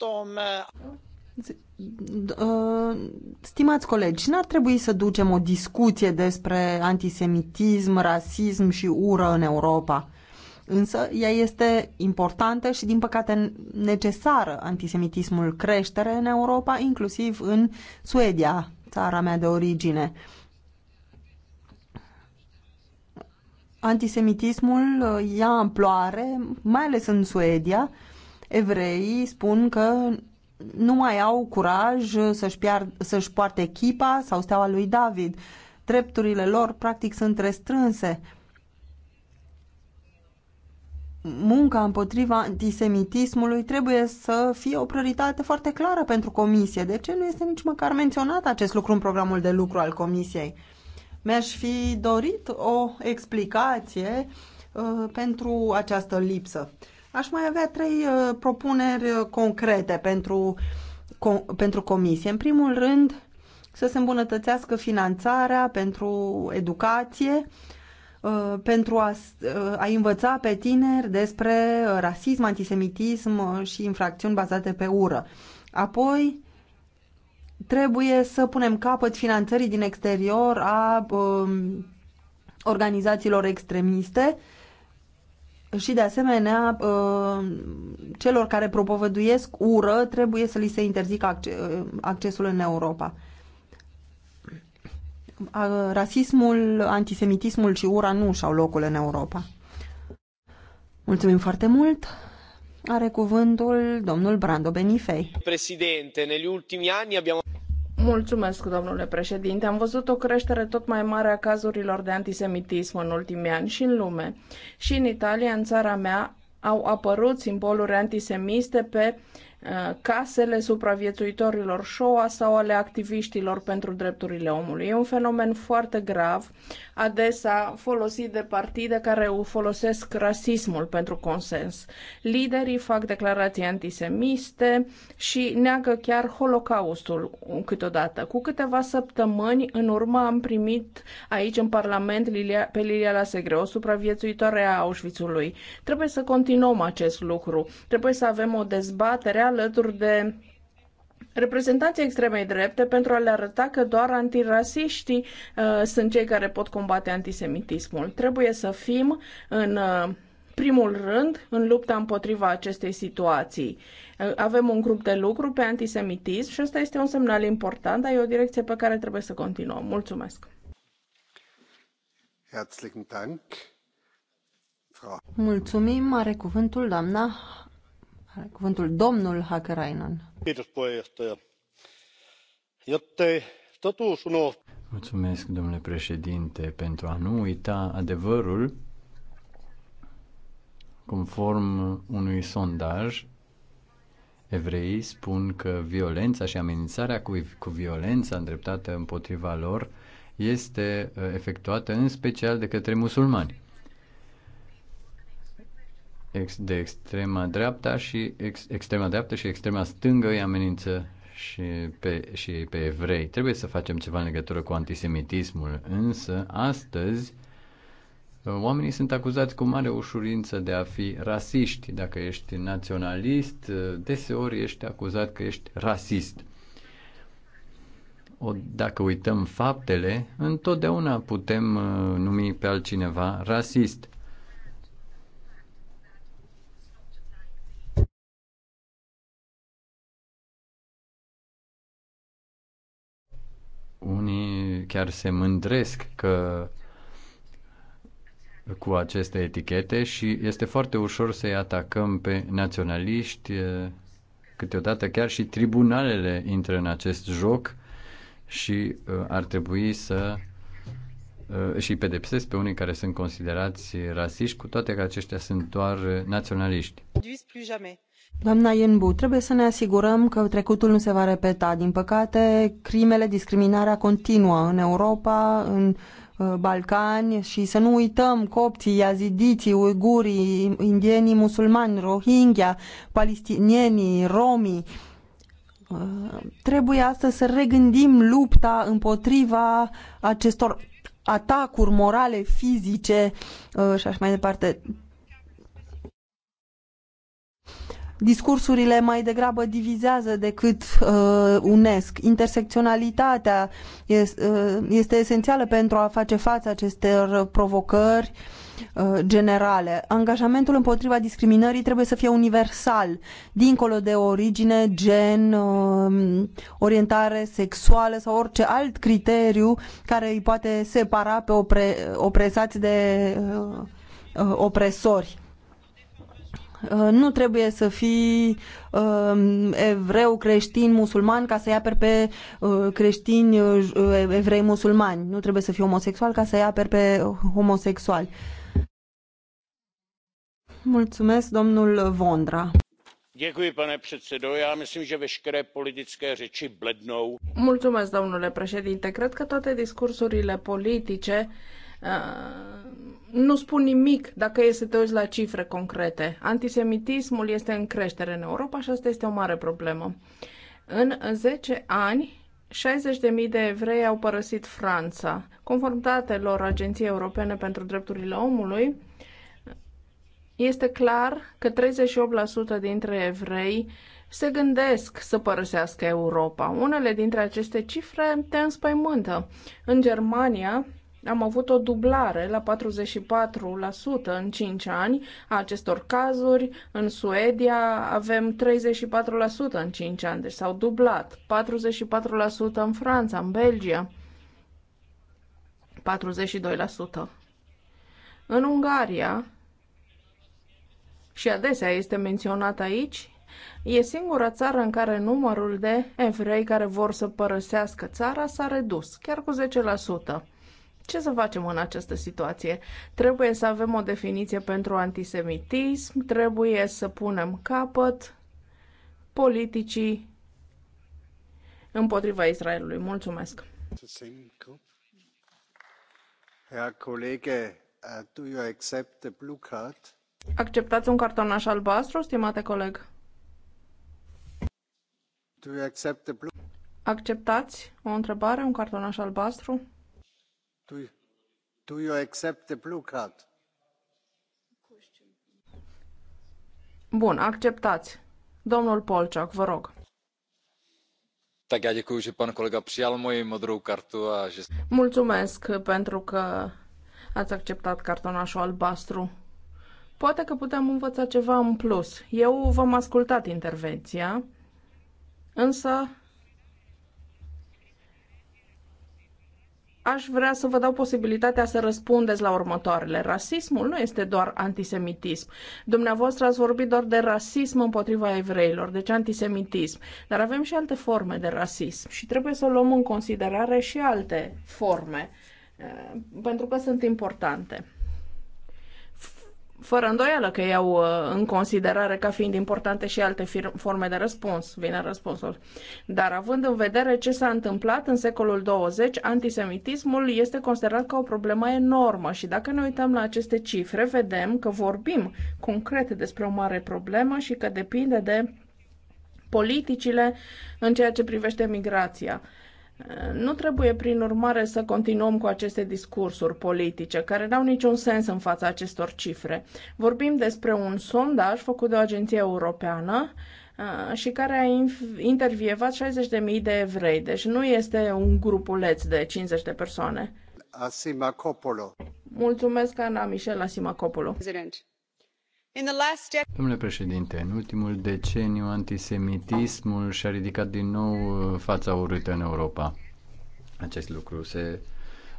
Eh, eh, stimați colegi, n-ar trebui să ducem o discuție despre antisemitism, rasism și ură în Europa. Însă ea este importantă și, din păcate, necesară. Antisemitismul creștere în Europa, inclusiv în Suedia, țara mea de origine. Antisemitismul eh, ia amploare, mai ales în Suedia, evreii spun că nu mai au curaj să-și, să-și poarte echipa sau steaua lui David. Drepturile lor, practic, sunt restrânse. Munca împotriva antisemitismului trebuie să fie o prioritate foarte clară pentru comisie. De ce nu este nici măcar menționat acest lucru în programul de lucru al comisiei? Mi-aș fi dorit o explicație uh, pentru această lipsă. Aș mai avea trei uh, propuneri uh, concrete pentru, pentru comisie. În primul rând, să se îmbunătățească finanțarea pentru educație, uh, pentru a, a învăța pe tineri despre rasism, antisemitism și infracțiuni bazate pe ură. Apoi, trebuie să punem capăt finanțării din exterior a um, organizațiilor extremiste și de asemenea uh, celor care propovăduiesc ură trebuie să li se interzică uh, accesul în Europa. Rasismul, antisemitismul și ura nu și-au locul în Europa. Mulțumim foarte mult! Are cuvântul domnul Brando Benifei. Președinte, negli ultimi anni abbiamo... Mulțumesc, domnule președinte. Am văzut o creștere tot mai mare a cazurilor de antisemitism în ultimii ani și în lume. Și în Italia, în țara mea, au apărut simboluri antisemiste pe uh, Uh, casele supraviețuitorilor Shoah sau ale activiștilor pentru drepturile omului. E un fenomen foarte grav, adesea folosit de partide care folosesc rasismul pentru consens. Liderii fac declarații antisemiste și neagă chiar holocaustul câteodată. Cu câteva săptămâni în urmă am primit aici în Parlament Lilia, pe Lilia Lasegre, o supraviețuitoare a Auschwitzului. Trebuie să continuăm acest lucru. Trebuie să avem o dezbatere alături de reprezentanții extremei drepte pentru a le arăta că doar antirasiștii uh, sunt cei care pot combate antisemitismul. Trebuie să fim în uh, primul rând în lupta împotriva acestei situații. Uh, avem un grup de lucru pe antisemitism și ăsta este un semnal important, dar e o direcție pe care trebuie să continuăm. Mulțumesc! Mulțumim, are cuvântul doamna cuvântul domnul Hakkarainen. Mulțumesc, domnule președinte, pentru a nu uita adevărul. Conform unui sondaj, evreii spun că violența și amenințarea cu, cu violența îndreptată împotriva lor este uh, efectuată în special de către musulmani de extrema dreapta și ex, extrema dreaptă și extrema stângă îi amenință și pe, și pe evrei. Trebuie să facem ceva în legătură cu antisemitismul, însă astăzi uh, oamenii sunt acuzați cu mare ușurință de a fi rasiști. Dacă ești naționalist, uh, deseori ești acuzat că ești rasist. O, dacă uităm faptele, întotdeauna putem uh, numi pe altcineva rasist unii chiar se mândresc că cu aceste etichete și este foarte ușor să-i atacăm pe naționaliști. Câteodată chiar și tribunalele intră în acest joc și ar trebui să și pedepsesc pe unii care sunt considerați rasiști, cu toate că aceștia sunt doar naționaliști. Doamna Ienbu, trebuie să ne asigurăm că trecutul nu se va repeta. Din păcate, crimele, discriminarea continuă în Europa, în uh, Balcani și să nu uităm copții, iazidiții, uigurii, indienii, musulmani, rohingya, palestinienii, romii. Uh, trebuie astăzi să regândim lupta împotriva acestor atacuri morale, fizice uh, și așa mai departe. discursurile mai degrabă divizează decât uh, unesc. Intersecționalitatea este, uh, este esențială pentru a face față acestor provocări uh, generale. Angajamentul împotriva discriminării trebuie să fie universal, dincolo de origine, gen, uh, orientare sexuală sau orice alt criteriu care îi poate separa pe opre, opresați de uh, uh opresori Uh, nu trebuie să fii um, evreu, creștin, musulman ca să-i aperi pe uh, creștini, uh, evrei, musulmani. Nu trebuie să fii homosexual ca să-i aperi pe homosexuali. Mulțumesc, domnul Vondra. pane předsedo já myslím že veškeré politické řeči blednou. Mulțumesc, domnule președinte. Cred că toate discursurile politice Uh, nu spun nimic dacă e să te uiți la cifre concrete. Antisemitismul este în creștere în Europa și asta este o mare problemă. În 10 ani, 60.000 de evrei au părăsit Franța. Conform datelor Agenției Europene pentru Drepturile Omului, este clar că 38% dintre evrei se gândesc să părăsească Europa. Unele dintre aceste cifre te înspăimântă. În Germania, am avut o dublare la 44% în 5 ani a acestor cazuri. În Suedia avem 34% în 5 ani, deci s-au dublat. 44% în Franța, în Belgia. 42%. În Ungaria, și adesea este menționat aici, e singura țară în care numărul de evrei care vor să părăsească țara s-a redus, chiar cu 10%. Ce să facem în această situație? Trebuie să avem o definiție pentru antisemitism, trebuie să punem capăt politicii împotriva Israelului. Mulțumesc! Uh, Acceptați un cartonaș albastru, stimate coleg? Acceptați o întrebare, un cartonaș albastru? Do, you accept the blue card? Bun, acceptați. Domnul Polciac, vă rog. Tak já děkuji, že pan kolega přijal moji modrou kartu a že... Mulțumesc pentru că ați acceptat cartonașul albastru. Poate că putem învăța ceva în plus. Eu v-am ascultat intervenția, însă aș vrea să vă dau posibilitatea să răspundeți la următoarele. Rasismul nu este doar antisemitism. Dumneavoastră ați vorbit doar de rasism împotriva evreilor, deci antisemitism. Dar avem și alte forme de rasism și trebuie să luăm în considerare și alte forme, eh, pentru că sunt importante fără îndoială că iau uh, în considerare ca fiind importante și alte forme de răspuns, vine răspunsul. Dar având în vedere ce s-a întâmplat în secolul 20, antisemitismul este considerat ca o problemă enormă și dacă ne uităm la aceste cifre, vedem că vorbim concret despre o mare problemă și că depinde de politicile în ceea ce privește migrația. Nu trebuie, prin urmare, să continuăm cu aceste discursuri politice, care n-au niciun sens în fața acestor cifre. Vorbim despre un sondaj făcut de o agenție europeană și care a intervievat 60.000 de evrei, deci nu este un grupuleț de 50 de persoane. Asimacopoulou. Mulțumesc, Ana Michel Asimacopoulou. President Domnule președinte, în ultimul deceniu antisemitismul și-a ridicat din nou uh, fața urâtă în Europa. Acest lucru se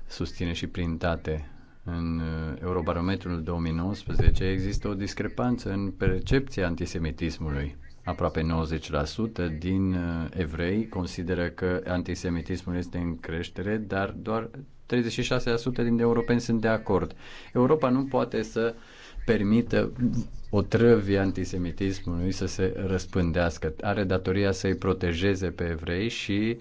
susține și prin date. În uh, Eurobarometrul 2019 există o discrepanță în percepția antisemitismului. Aproape 90% din uh, evrei consideră că antisemitismul este în creștere, dar doar 36% din europeni sunt de acord. Europa nu poate să permită o trăvie antisemitismului să se răspândească. Are datoria să-i protejeze pe evrei și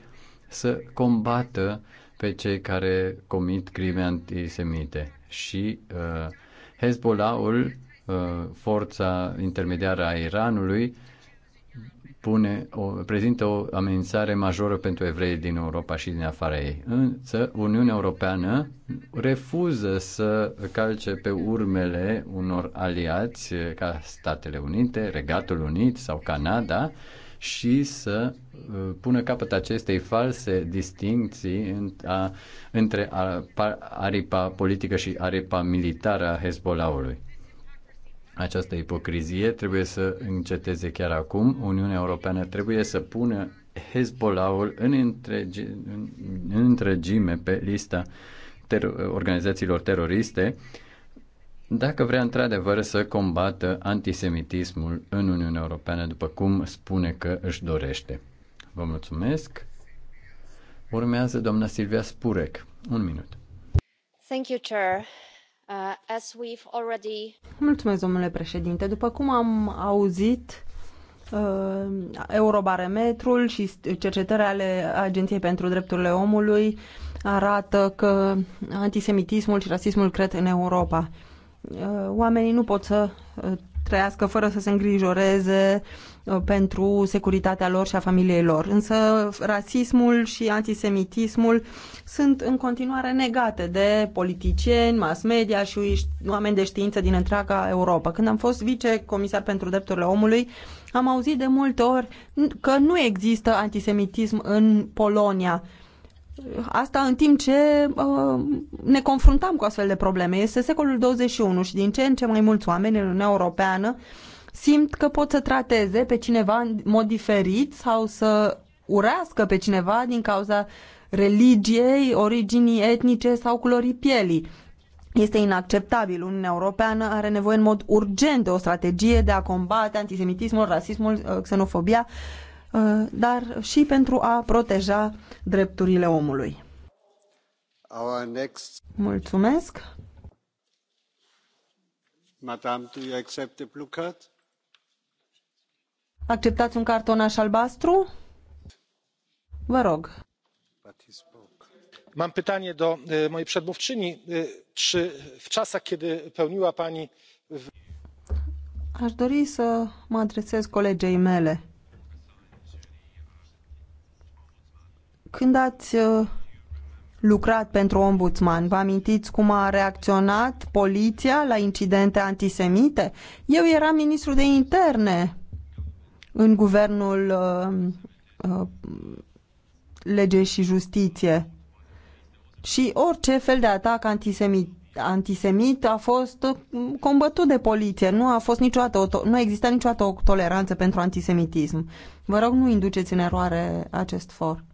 să combată pe cei care comit crime antisemite. Și uh, Hezbollahul, uh, forța intermediară a Iranului, uh, pune o, prezintă o amenințare majoră pentru evrei din Europa și din afara ei. Însă Uniunea Europeană refuză să calce pe urmele unor aliați eh, ca Statele Unite, Regatul Unit sau Canada și să eh, pună capăt acestei false distinții între aripa politică și aripa militară a Hezbollahului această ipocrizie trebuie să înceteze chiar acum. Uniunea Europeană trebuie să pună Hezbollahul în, întregi, în, în întregime pe lista ter- organizațiilor teroriste dacă vrea într-adevăr să combată antisemitismul în Uniunea Europeană, după cum spune că își dorește. Vă mulțumesc. Urmează doamna Silvia Spurek. Un minut. Thank you, Chair. Uh, domnule președinte. După cum am auzit, uh, Eurobarometrul și cercetări ale Agenției pentru Drepturile Omului arată că antisemitismul și rasismul cred în Europa. Uh, oamenii nu pot să trăiască fără să se îngrijoreze Uh, pentru securitatea lor și a familiei lor. Însă rasismul și antisemitismul sunt în continuare negate de politicieni, mass media și oameni de știință din întreaga Europa. Când am fost vicecomisar pentru drepturile omului, am auzit de multe ori că nu există antisemitism în Polonia. Asta în timp ce uh, ne confruntam cu astfel de probleme. Este secolul 21 și din ce în ce mai mulți oameni în Uniunea Europeană uh, simt că pot să trateze pe cineva în mod diferit sau să urească pe cineva din cauza religiei, originii etnice sau culorii pielii. Este inacceptabil. Uniunea Europeană are nevoie în mod urgent de o strategie de a combate antisemitismul, rasismul, uh, xenofobia, uh, dar și pentru a proteja drepturile omului. Next... Mulțumesc. Madame, do you accept the blue card? Acceptați un cartonaș albastru? Vă rog. Mam pytanie do mojej przedmówczyni. Czy w czasach, kiedy pełniła pani... Aș dori să mă adresez colegei mele. Când ați lucrat pentru ombudsman, vă amintiți cum a reacționat poliția la incidente antisemite? Eu eram ministru de interne în guvernul uh, uh, lege și justiție. Și orice fel de atac antisemit, antisemit a fost uh, combătut de poliție. Nu a fost niciodată, nu exista niciodată o toleranță pentru antisemitism. Vă rog, nu induceți în eroare acest for.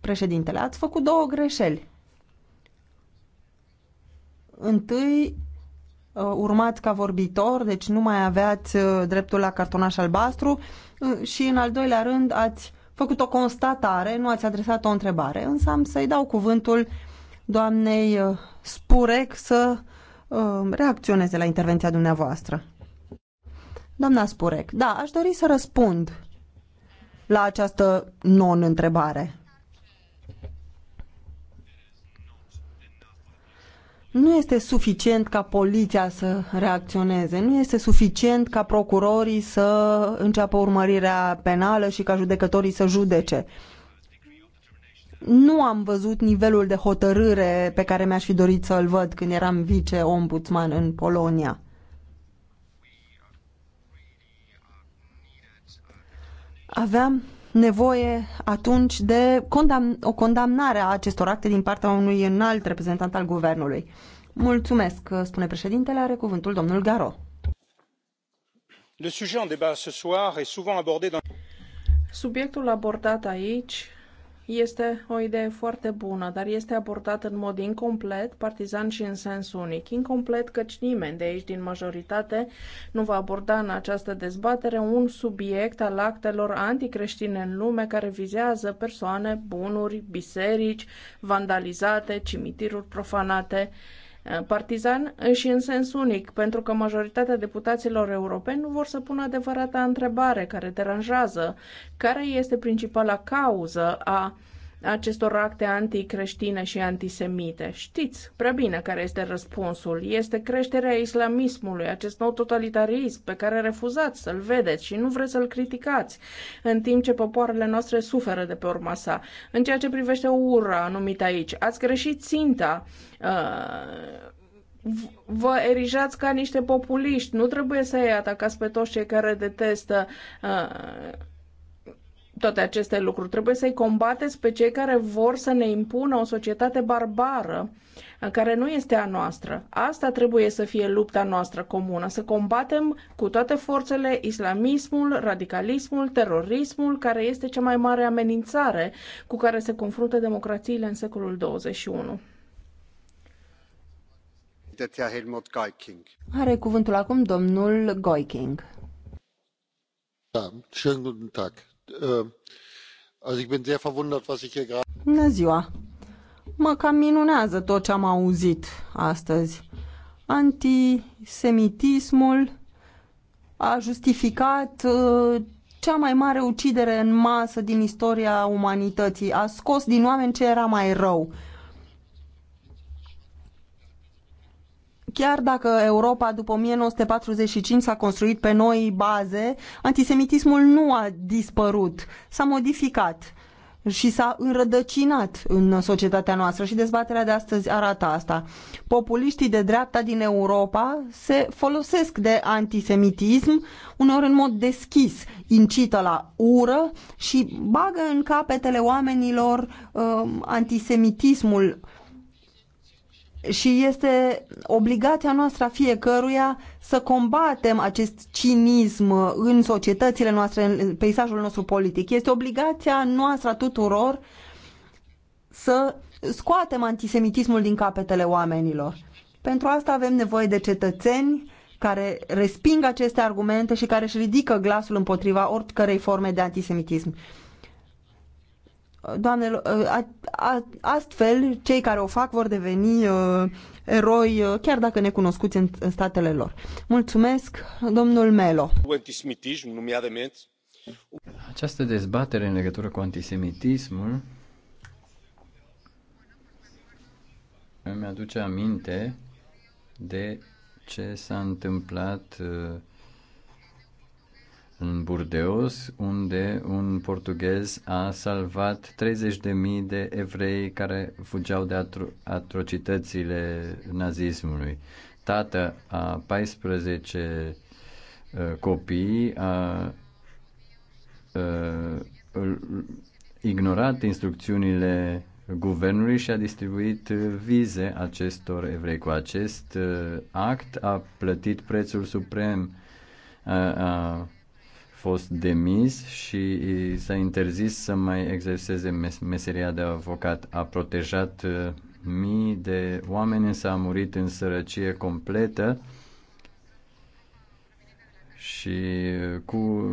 Președintele, ați făcut două greșeli. Întâi, Uh, urmat ca vorbitor, deci nu mai aveați uh, dreptul la cartonaș albastru uh, și în al doilea rând ați făcut o constatare, nu ați adresat o întrebare, însă am să-i dau cuvântul doamnei Spurec să reacționeze la intervenția dumneavoastră. Doamna Spurec, da, aș dori să răspund la această non-întrebare. Nu este suficient ca poliția să reacționeze, nu este suficient ca procurorii să înceapă urmărirea penală și ca judecătorii să judece. Nu am văzut nivelul de hotărâre pe care mi-aș fi dorit să-l văd când eram vice-ombudsman în Polonia. Aveam nevoie atunci de condamn o condamnare a acestor acte din partea unui înalt reprezentant al guvernului. Mulțumesc, spune președintele, are cuvântul domnul Garo. Subiectul abordat aici este o idee foarte bună, dar este abordată în mod incomplet, partizan și în sens unic. Incomplet căci nimeni de aici din majoritate nu va aborda în această dezbatere un subiect al actelor anticreștine în lume care vizează persoane, bunuri, biserici vandalizate, cimitiruri profanate. Eh, partizan și în sens unic, pentru că majoritatea deputaților europeni nu vor să pună adevărata întrebare care deranjează, care este principala cauză a acestor acte anticreștine și antisemite. Știți prea bine care este răspunsul. Este creșterea islamismului, acest nou totalitarism pe care refuzați să-l vedeți și nu vreți să-l criticați, în timp ce popoarele noastre suferă de pe urma sa. În ceea ce privește ura numită aici, ați greșit ținta. Uh, vă erijați ca niște populiști. Nu trebuie să-i atacați pe toți cei care detestă uh, toate aceste lucruri. Trebuie să-i combateți pe cei care vor să ne impună o societate barbară, care nu este a noastră. Asta trebuie să fie lupta noastră comună, să combatem cu toate forțele islamismul, radicalismul, terorismul, care este cea mai mare amenințare cu care se confruntă democrațiile în secolul 21. Are cuvântul acum domnul Goiking. Da, schönen guten Tag. Äh, Bună ziua! Mă cam minunează tot ce am auzit astăzi. Antisemitismul a justificat uh, cea mai mare ucidere în masă din istoria umanității. A scos din oameni ce era mai rău Chiar dacă Europa după 1945 s-a construit pe noi baze, antisemitismul nu a dispărut, s-a modificat și s-a înrădăcinat în societatea noastră și dezbaterea de astăzi arată asta. Populiștii de dreapta din Europa se folosesc de antisemitism, uneori în mod deschis, incită la ură și bagă în capetele oamenilor uh, antisemitismul uh, și este obligația noastră a fiecăruia să combatem acest cinism în societățile noastre, în peisajul nostru politic. Este obligația noastră a tuturor să scoatem antisemitismul din capetele oamenilor. Pentru asta avem nevoie de cetățeni care resping aceste argumente și care își ridică glasul împotriva oricărei forme de antisemitism doamnelor, ă, a, a, astfel cei care o fac vor deveni uh, eroi, ă, chiar dacă necunoscuți în, în statele lor. Mulțumesc, domnul Melo. Această dezbatere în legătură cu antisemitismul îmi aduce aminte de ce s-a întâmplat uh, în Burdeos, unde un portughez a salvat 30.000 de evrei care fugeau de atro- atrocitățile nazismului. Tată a 14 uh, copii a uh, ignorat instrucțiunile guvernului și a distribuit vize acestor evrei. Cu acest uh, act a plătit prețul suprem uh, uh, fost demis și s-a interzis să mai exerseze meseria de avocat. A protejat uh, mii de oameni, s a murit în sărăcie completă și uh, cu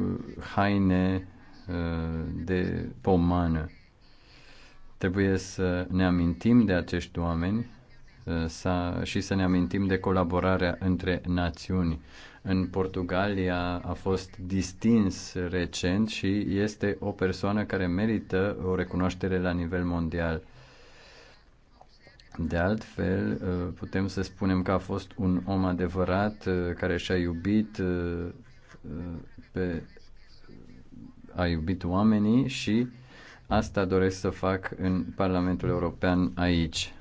haine uh, de pomană. Trebuie să ne amintim de acești oameni și să ne amintim de colaborarea între națiuni în Portugalia a fost distins recent și este o persoană care merită o recunoaștere la nivel mondial. De altfel, uh, putem să spunem că a fost un om adevărat uh, care și-a iubit uh, pe a iubit oamenii și asta doresc să fac în Parlamentul European aici.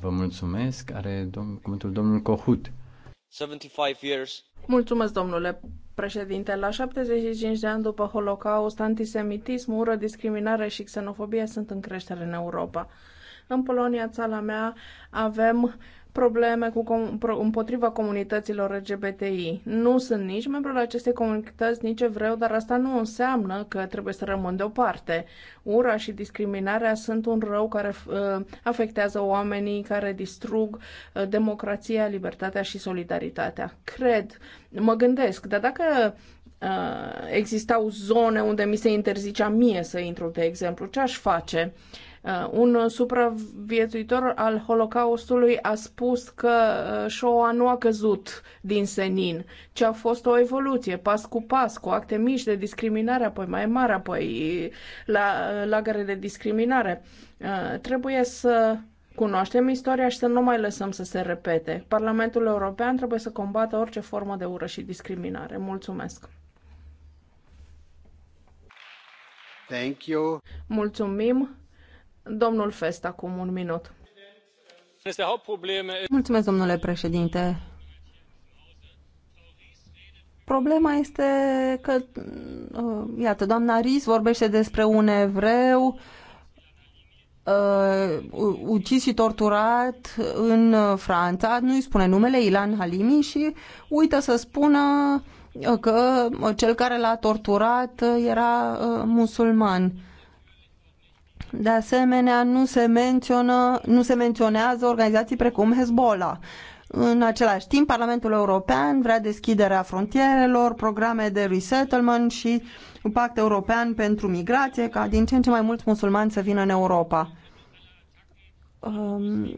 Vă mulțumesc. Are domn, cuvântul domnul Cohut. Mulțumesc, domnule președinte. La 75 de ani după Holocaust, antisemitismul, ură, discriminare și xenofobia sunt în creștere în Europa. În Polonia, țara mea, avem probleme cu com- pro- împotriva comunităților LGBTI. Nu sunt nici la acestei comunități, nici evreu, dar asta nu înseamnă că trebuie să rămân deoparte. Ura și discriminarea sunt un rău care uh, afectează oamenii, care distrug uh, democrația, libertatea și solidaritatea. Cred, mă gândesc, dar dacă uh, existau zone unde mi se interzicea mie să intru, de exemplu, ce aș face? Uh, Uh, un supraviețuitor al Holocaustului a spus că uh, Shoah nu a căzut din senin, ci a fost o evoluție, pas cu pas, cu acte mici de discriminare, apoi mai mare, apoi la uh, lagăre de discriminare. Trebuie să Cunoaștem istoria și să nu mai lăsăm să se repete. Parlamentul European trebuie să combată orice formă de ură și discriminare. Mulțumesc! Thank you. Mulțumim! Domnul Fest, acum un minut. Mulțumesc, domnule președinte. Problema este că, uh, iată, doamna Ris vorbește despre un evreu uh, ucis și torturat în Franța, nu îi spune numele, Ilan Halimi, și uită să spună uh, că cel care l-a torturat uh, era musulman. De asemenea, nu se, menționă, nu se menționează organizații precum Hezbollah. În același timp, Parlamentul European vrea deschiderea frontierelor, programe de resettlement și un pact european pentru migrație, ca din ce în ce mai mulți musulmani să vină în Europa. Um,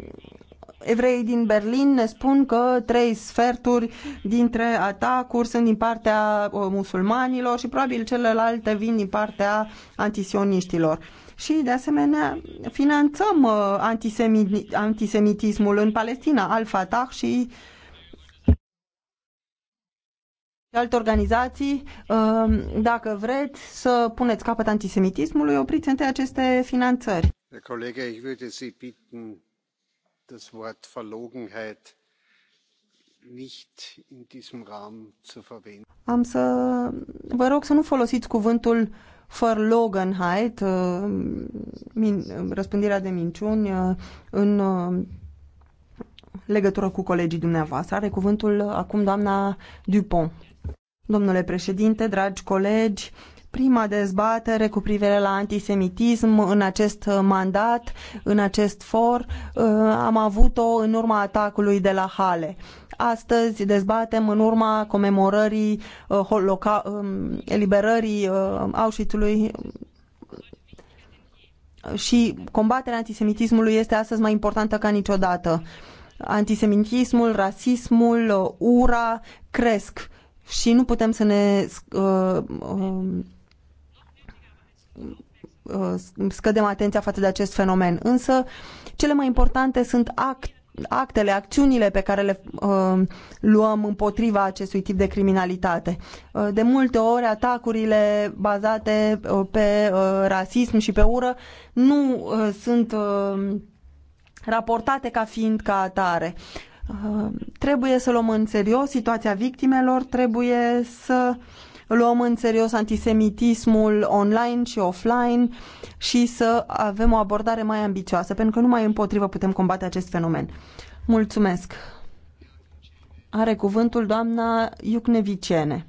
evreii din Berlin ne spun că trei sferturi dintre atacuri sunt din partea uh, musulmanilor și probabil celelalte vin din partea antisioniștilor. Și, de asemenea, finanțăm uh, antisemi antisemitismul în Palestina, Al-Fatah și alte organizații, uh, dacă vreți să puneți capăt antisemitismului, opriți întâi aceste finanțări. Colegă, das wort verlogenheit nicht in diesem rahmen zu verwenden. Am să vă rog să nu folosiți cuvântul Verlogenheit, uh, răspândirea de minciuni uh, în uh, legătură cu colegii dumneavoastră. Are cuvântul acum doamna Dupont. Domnule președinte, dragi colegi, prima dezbatere cu privire la antisemitism în acest mandat, în acest for. Uh, am avut-o în urma atacului de la Hale. Astăzi dezbatem în urma comemorării uh, holoca- um, eliberării uh, Auschwitz-ului și combaterea antisemitismului este astăzi mai importantă ca niciodată. Antisemitismul, rasismul, ura cresc și nu putem să ne uh, uh, Uh, scădem atenția față de acest fenomen. Însă, cele mai importante sunt act, actele, acțiunile pe care le uh, luăm împotriva acestui tip de criminalitate. Uh, de multe ori, atacurile bazate uh, pe uh, rasism și pe ură nu uh, sunt uh, raportate ca fiind ca atare. Uh, trebuie să luăm în serios situația victimelor, trebuie să uh, luăm în serios antisemitismul online și offline și să avem o abordare mai ambițioasă, pentru că numai împotrivă putem combate acest fenomen. Mulțumesc! Are cuvântul doamna Iucnevicene.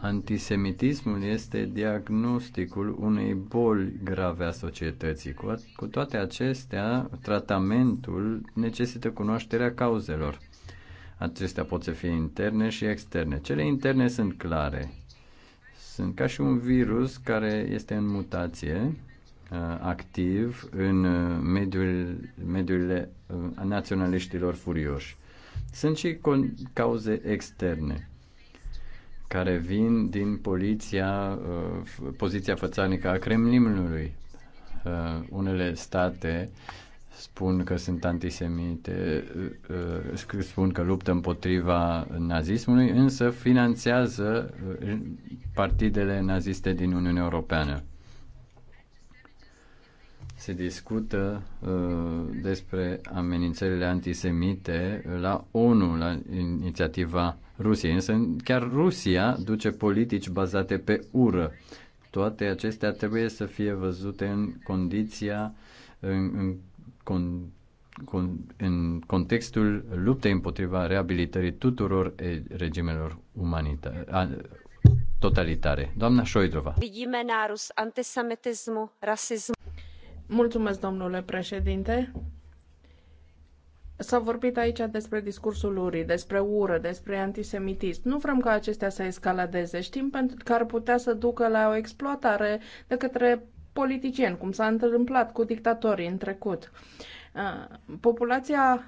Antisemitismul este diagnosticul unei boli grave a societății. Cu toate acestea, tratamentul necesită cunoașterea cauzelor. Acestea pot să fie interne și externe. Cele interne sunt clare. Sunt ca și un virus care este în mutație, uh, activ în uh, mediul, mediurile uh, naționaliștilor furioși. Sunt și cauze externe care vin din poliția, poziția fățanică a Kremlinului. Unele state spun că sunt antisemite, uh, uh, spun că luptă împotriva nazismului, însă finanțează uh, partidele naziste din Uniunea Europeană. Se discută despre amenințările antisemite la ONU, la inițiativa Rusiei, însă chiar Rusia duce politici bazate pe ură. Toate acestea trebuie să fie văzute în condiția în, în con, con, în contextul luptei împotriva reabilitării tuturor regimelor umanitare, totalitare. Doamna Șoidrova. Vidíme nárůst antisemitismu, rasismu. Mulțumesc, domnule președinte. S-a vorbit aici despre discursul urii, despre ură, despre antisemitism. Nu vrem ca acestea să escaladeze. Știm pentru că ar putea să ducă la o exploatare de către politicieni, cum s-a întâmplat cu dictatorii în trecut. Populația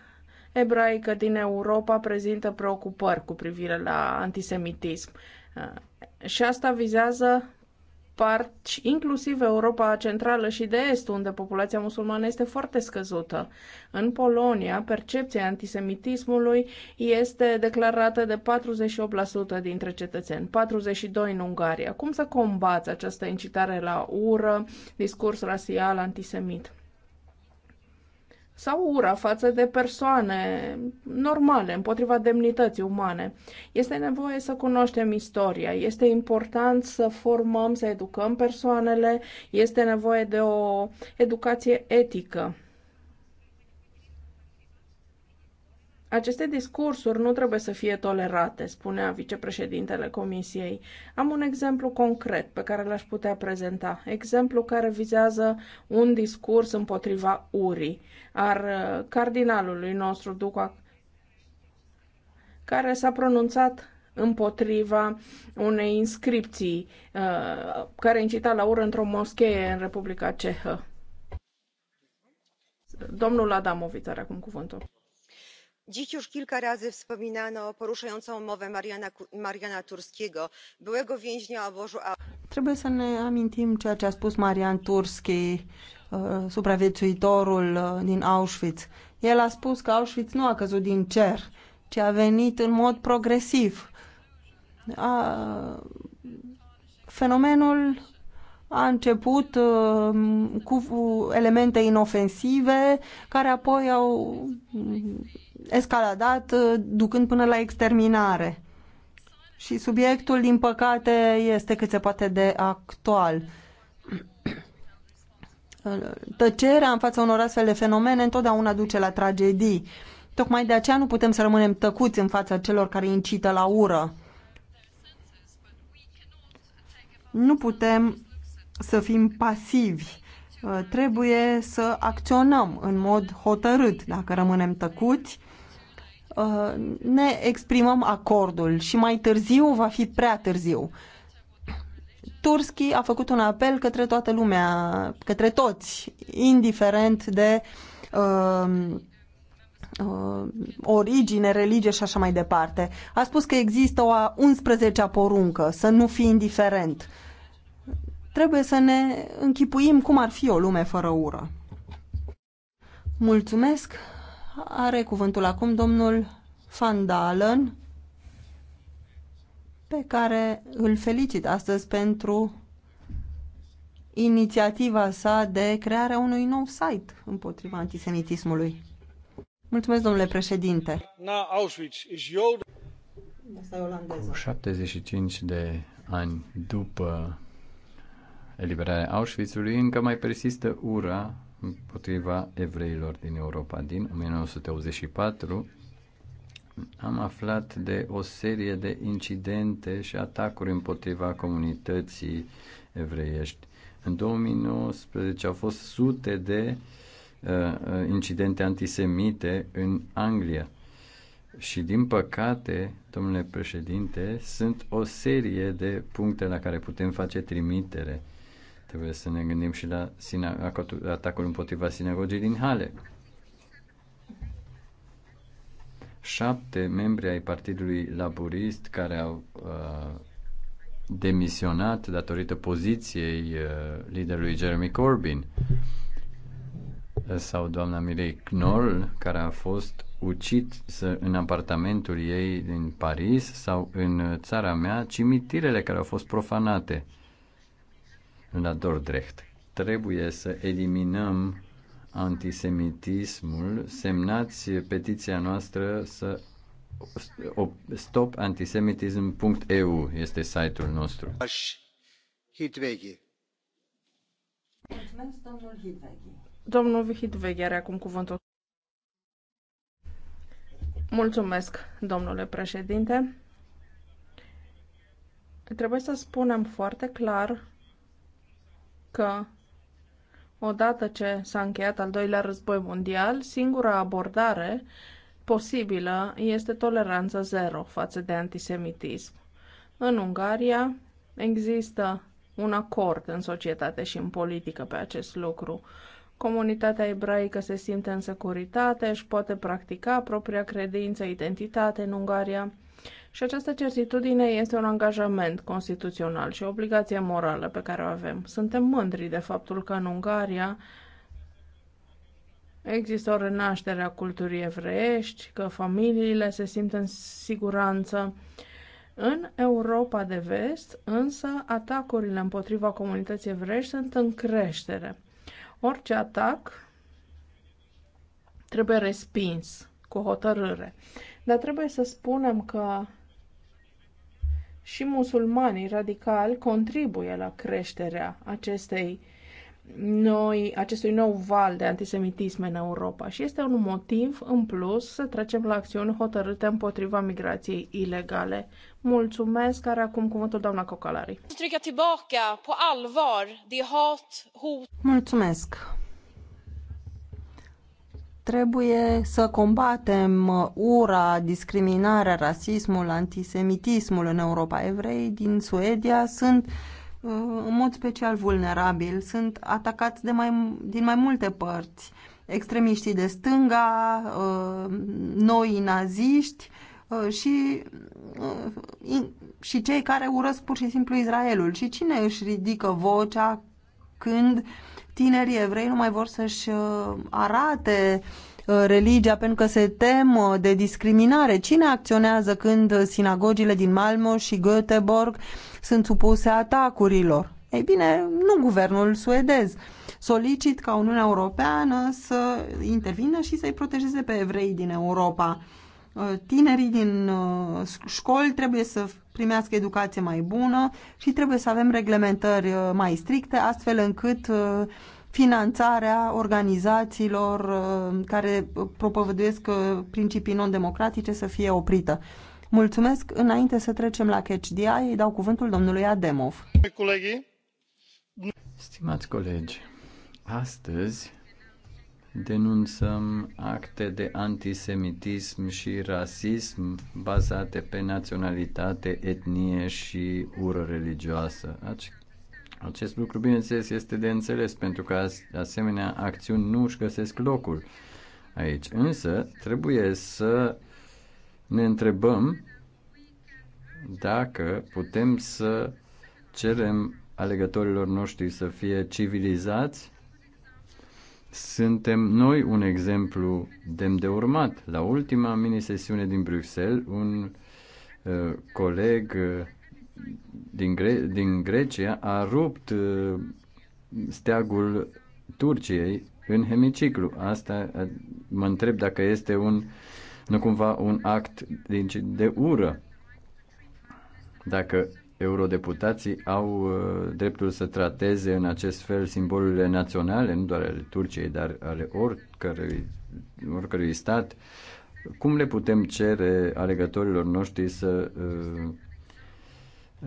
ebraică din Europa prezintă preocupări cu privire la antisemitism. Și asta vizează parți, inclusiv Europa Centrală și de Est, unde populația musulmană este foarte scăzută. În Polonia, percepția antisemitismului este declarată de 48% dintre cetățeni, 42% în Ungaria. Cum să combați această incitare la ură, discurs rasial, antisemit? sau ura față de persoane normale, împotriva demnității umane. Este nevoie să cunoaștem istoria, este important să formăm, să educăm persoanele, este nevoie de o educație etică Aceste discursuri nu trebuie să fie tolerate, spunea vicepreședintele Comisiei. Am un exemplu concret pe care l-aș putea prezenta. Exemplu care vizează un discurs împotriva urii, ar uh, cardinalului nostru, Duca, care s-a pronunțat împotriva unei inscripții uh, care incita la ură într-o moschee în Republica Cehă. Domnul Adamovic are acum cuvântul dziś już kilka razy wspominano poruszającą mowę mariana turskiego byłego więźnia obozu. trebuie să ne amintim ceea ce a spus marian turski supraviețuitorul din Auschwitz. El a spus că Auschwitz nu a căzut din cer, ci a venit în mod progresiv. A... Fenomenul a început cu elemente inofensive, care apoi au escaladat uh, ducând până la exterminare. Și subiectul, din păcate, este cât se poate de actual. Tăcerea în fața unor astfel de fenomene întotdeauna duce la tragedii. Tocmai de aceea nu putem să rămânem tăcuți în fața celor care incită la ură. Nu putem să fim pasivi. Uh, trebuie să acționăm în mod hotărât. Dacă rămânem tăcuți, Uh, ne exprimăm acordul și mai târziu va fi prea târziu. Turski a făcut un apel către toată lumea, către toți, indiferent de uh, uh, origine, religie și așa mai departe. A spus că există o 11-a poruncă, să nu fii indiferent. Trebuie să ne închipuim cum ar fi o lume fără ură. Mulțumesc! Are cuvântul acum domnul Van Dalen, pe care îl felicit astăzi pentru inițiativa sa de crearea unui nou site împotriva antisemitismului. Mulțumesc, domnule președinte. Cu 75 de ani după eliberarea Auschwitzului, încă mai persistă ura împotriva evreilor din Europa din 1984, am aflat de o serie de incidente și atacuri împotriva comunității evreiești. În 2019 au fost sute de uh, uh, incidente antisemite în Anglia. Și din păcate, domnule președinte, sunt o serie de puncte la care putem face trimitere Trebuie să ne gândim și la atacul împotriva sinagogii din Hale. Șapte membri ai Partidului Laburist care au uh, demisionat datorită poziției uh, liderului Jeremy Corbyn uh, sau doamna Mirei Knoll, care a fost ucit să, în apartamentul ei din Paris sau în uh, țara mea, cimitirele care au fost profanate la Dordrecht. Trebuie să eliminăm antisemitismul. Semnați petiția noastră să stopantisemitism.eu este site-ul nostru. Hitvegi. domnul Hitvegi. Domnul Hitvegi are acum cuvântul. Mulțumesc, domnule președinte. Trebuie să spunem foarte clar că odată ce s-a încheiat al doilea război mondial, singura abordare posibilă este toleranța zero față de antisemitism. În Ungaria există un acord în societate și în politică pe acest lucru. Comunitatea ebraică se simte în securitate, își poate practica propria credință, identitate în Ungaria și această certitudine este un angajament constituțional și o obligație morală pe care o avem. Suntem mândri de faptul că în Ungaria există o renaștere a culturii evreiești, că familiile se simt în siguranță. În Europa de vest, însă, atacurile împotriva comunității evreiești sunt în creștere. Orice atac trebuie respins cu hotărâre. Dar trebuie să spunem că și musulmanii radicali contribuie la creșterea acestei noi, acestui nou val de antisemitism în Europa și este un motiv în plus să trecem la acțiuni hotărâte împotriva migrației ilegale. Mulțumesc, care acum cuvântul doamna Cocalari. Mulțumesc! Trebuie să combatem uh, ura, discriminarea, rasismul, antisemitismul în Europa. Evrei din Suedia sunt uh, în mod special vulnerabili, sunt atacați de mai, din mai multe părți. Extremiștii de stânga, uh, noi naziști și, și cei care urăsc pur și simplu Israelul. Și cine își ridică vocea când uh, tinerii evrei nu mai vor să-și uh, arate uh, religia pentru că se tem uh, de discriminare. Cine acționează când sinagogile din Malmo și Göteborg sunt supuse atacurilor? Ei bine, nu guvernul suedez. Solicit ca Uniunea Europeană să intervină și să-i protejeze pe evrei din Europa. Tinerii din școli trebuie să primească educație mai bună și trebuie să avem reglementări uh, mai stricte, astfel încât uh, finanțarea organizațiilor uh, care propovăduiesc principii non-democratice să fie oprită. Mulțumesc. Înainte să trecem la Catch DI, îi dau cuvântul domnului Ademov. Stimați colegi, astăzi denunțăm acte de antisemitism și rasism bazate pe naționalitate, etnie și ură religioasă. Acest lucru, bineînțeles, este de înțeles pentru că asemenea acțiuni nu își găsesc locul aici. Însă, trebuie să ne întrebăm dacă putem să cerem alegătorilor noștri să fie civilizați suntem noi un exemplu demn de urmat. La ultima mini-sesiune din Bruxelles, un uh, coleg uh, din, Gre- din Grecia a rupt uh, steagul Turciei în hemiciclu. Asta uh, mă întreb dacă este un, nu cumva un act de, de ură. Dacă eurodeputații au uh, dreptul să trateze în acest fel simbolurile naționale, nu doar ale Turciei, dar ale oricărui, oricărui stat, cum le putem cere alegătorilor noștri să uh,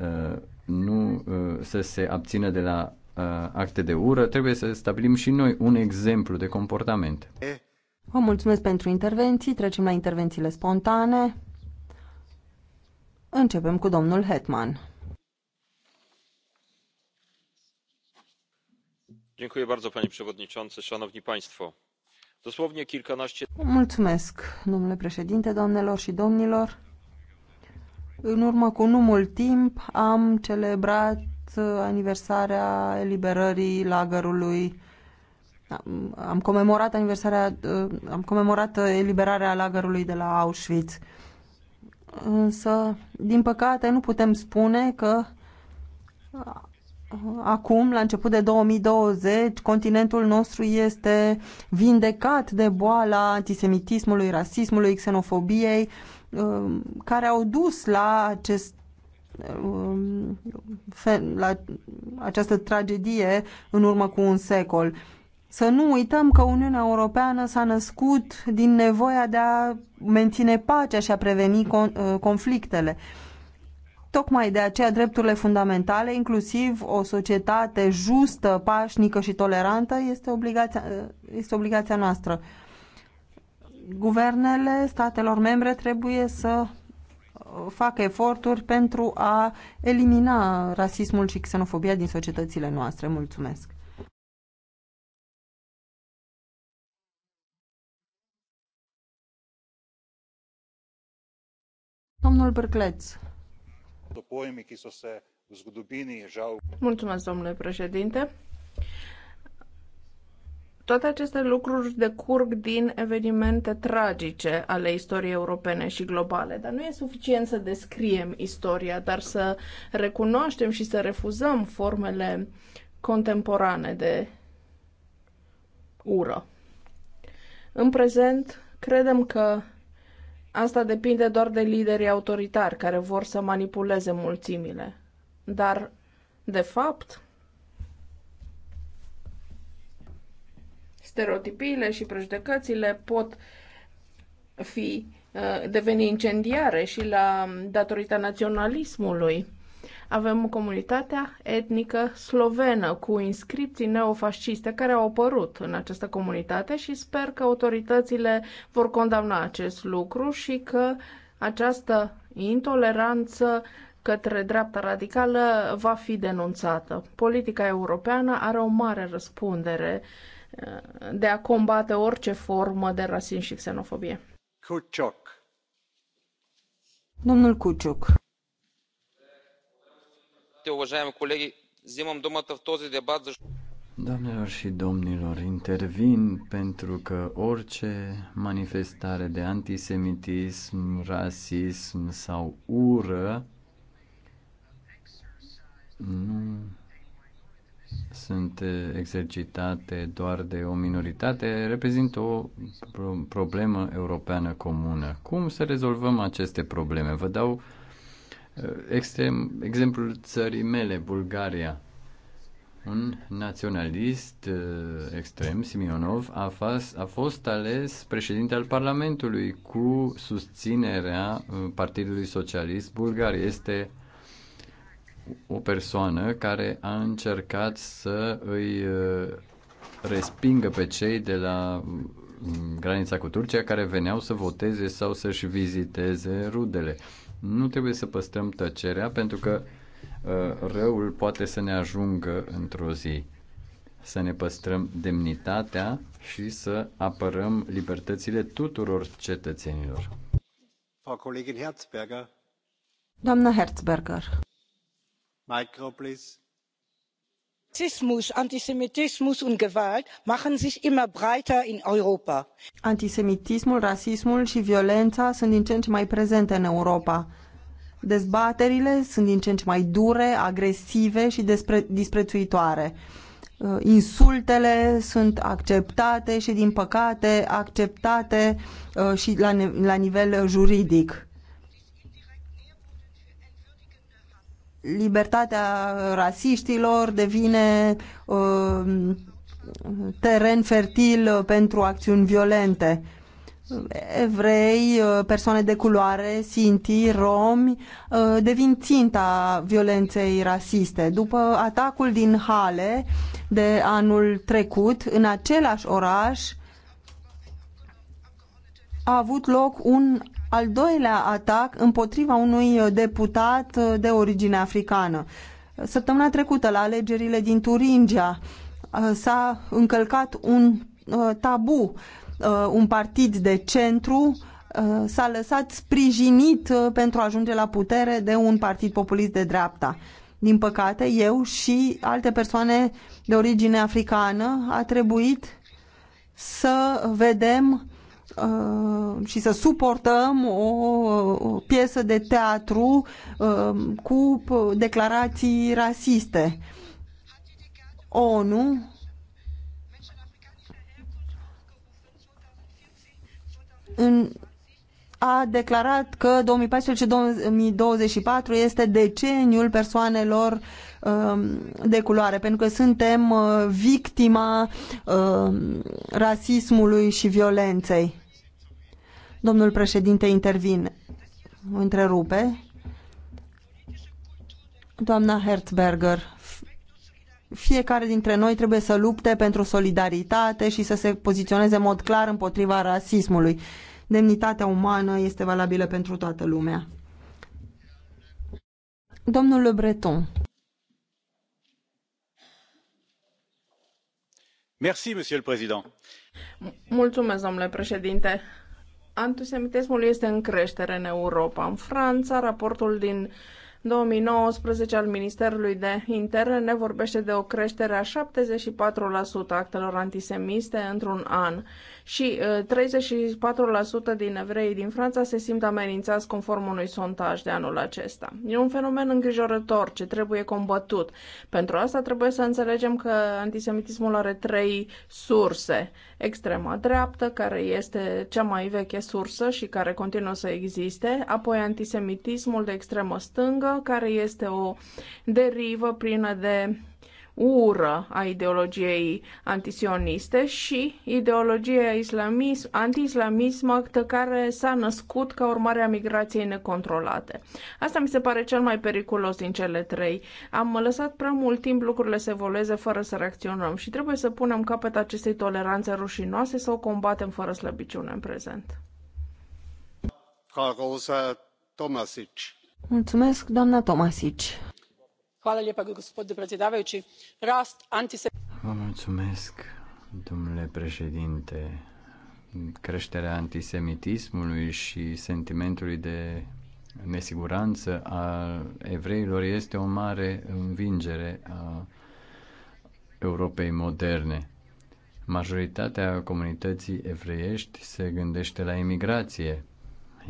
uh, nu uh, să se abțină de la uh, acte de ură? Trebuie să stabilim și noi un exemplu de comportament. Vă mulțumesc pentru intervenții. Trecem la intervențiile spontane. Începem cu domnul Hetman. mulțumesc domnule președinte doamnelor și domnilor în urmă cu nu mult timp am celebrat uh, aniversarea eliberării lagărului am comemorat aniversarea uh, am comemorat uh, eliberarea lagărului de la Auschwitz însă din păcate nu putem spune că acum, la început de 2020, continentul nostru este vindecat de boala antisemitismului, rasismului, xenofobiei, um, care au dus la acest um, la această tragedie în urmă cu un secol. Să nu uităm că Uniunea Europeană s-a născut din nevoia de a menține pacea și a preveni uh, conflictele. Tocmai de aceea drepturile fundamentale, inclusiv o societate justă, pașnică și tolerantă, este obligația, este obligația noastră. Guvernele statelor membre trebuie să uh, facă eforturi pentru a elimina rasismul și xenofobia din societățile noastre. Mulțumesc! Domnul Bârcleț. Mulțumesc, domnule președinte. Toate aceste lucruri decurg din evenimente tragice ale istoriei europene și globale, dar nu e suficient să descriem istoria, dar să recunoaștem și să refuzăm formele contemporane de ură. În prezent, credem că Asta depinde doar de liderii autoritari care vor să manipuleze mulțimile. Dar, de fapt, stereotipiile și prejudecățile pot fi uh, deveni incendiare și la datorită naționalismului avem comunitatea etnică slovenă cu inscripții neofasciste care au apărut în această comunitate și sper că autoritățile vor condamna acest lucru și că această intoleranță către dreapta radicală va fi denunțată. Politica europeană are o mare răspundere eh, de a combate orice formă de rasism și xenofobie. Cuciuc. Domnul Cuciuc. Doamnelor și domnilor, intervin pentru că orice manifestare de antisemitism, rasism sau ură nu sunt exercitate doar de o minoritate, reprezintă o problemă europeană comună. Cum să rezolvăm aceste probleme? Vă dau extrem, exemplul țării mele, Bulgaria. Un naționalist uh, extrem, Simionov, a, fas, a fost ales președinte al Parlamentului cu susținerea uh, Partidului Socialist Bulgar. Este o persoană care a încercat să îi uh, respingă pe cei de la mm, granița cu Turcia care veneau să voteze sau să-și viziteze rudele. Nu trebuie să păstrăm tăcerea pentru că uh, răul poate să ne ajungă într-o zi. Să ne păstrăm demnitatea și să apărăm libertățile tuturor cetățenilor. Frau Kollegin Herzberger. Doamna Herzberger. Micro, please. Rassismus, Antisemitismus und Gewalt machen sich immer breiter in Europa. Antisemitismul, rasismul și violența sunt din ce în ce mai prezente în Europa. Dezbaterile sunt din ce în ce mai dure, agresive și despre, disprețuitoare. Uh, insultele sunt acceptate și, din păcate, acceptate uh, și la, la nivel juridic libertatea rasiștilor devine uh, teren fertil pentru acțiuni violente. Evrei, uh, persoane de culoare, sinti, romi uh, devin ținta violenței rasiste. După atacul din Hale de anul trecut, în același oraș, a avut loc un al doilea atac împotriva unui deputat uh, de origine africană. Săptămâna trecută, la alegerile din Turingia, uh, s-a încălcat un uh, tabu. Un partid de centru s-a lăsat sprijinit pentru a ajunge la putere de un partid populist de dreapta. Din păcate, eu și alte persoane de origine africană a trebuit să vedem Uh, și să suportăm o piesă de teatru uh, cu uh, declarații rasiste. ONU în a declarat că 2014-2024 este deceniul persoanelor um, de culoare, pentru că suntem victima rasismului și violenței. Domnul președinte intervine. O întrerupe. Doamna Herzberger, fiecare dintre noi trebuie să lupte pentru solidaritate și să se poziționeze în mod clar împotriva rasismului. Demnitatea umană este valabilă pentru toată lumea. Domnul Le Breton. Merci, Mulțumesc, domnule președinte Antisemitismul este în creștere în Europa. În Franța, raportul din 2019 al Ministerului de Interne ne vorbește de o creștere a 74% actelor antisemiste într-un an și 34% uh, din evrei din Franța se simt amenințați conform unui sondaj de anul acesta. E un fenomen îngrijorător ce trebuie combătut. Pentru asta trebuie să înțelegem că antisemitismul are trei surse. Extrema dreaptă, care este cea mai veche sursă și care continuă să existe, apoi antisemitismul de extremă stângă, care este o derivă plină de ură a ideologiei antisioniste și ideologia islamism, anti care s-a născut ca urmare a migrației necontrolate. Asta mi se pare cel mai periculos din cele trei. Am lăsat prea mult timp lucrurile să evolueze fără să reacționăm și trebuie să punem capăt acestei toleranțe rușinoase sau o combatem fără slăbiciune în prezent. Mulțumesc, doamna Tomasici domnule președinte creșterea antisemitismului și sentimentului de nesiguranță a evreilor este o mare învingere a Europei moderne. Majoritatea comunității evreiești se gândește la emigrație,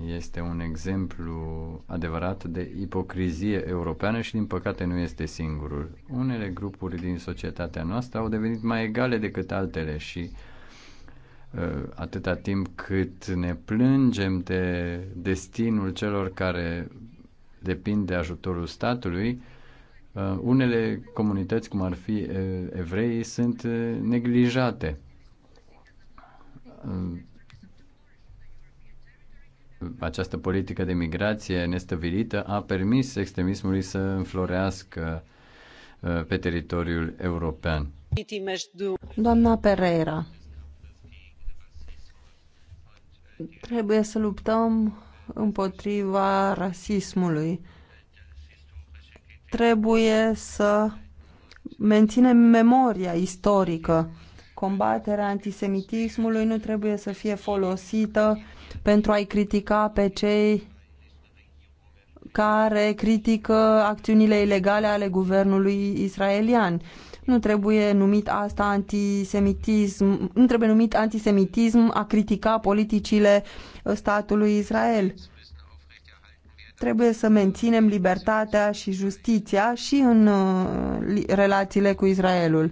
este un exemplu adevărat de ipocrizie europeană și, din păcate, nu este singurul. Unele grupuri din societatea noastră au devenit mai egale decât altele și uh, atâta timp cât ne plângem de destinul celor care depind de ajutorul statului, uh, unele comunități, cum ar fi uh, evreii, sunt neglijate această politică de migrație nestăvilită a permis extremismului să înflorească uh, pe teritoriul european. Doamna Pereira, trebuie să luptăm împotriva rasismului. Trebuie să menținem memoria istorică combaterea antisemitismului nu trebuie să fie folosită pentru a-i critica pe cei care critică acțiunile ilegale ale guvernului israelian. Nu trebuie numit asta antisemitism, nu trebuie numit antisemitism a critica politicile statului Israel. Trebuie să menținem libertatea și justiția și în uh, relațiile cu Israelul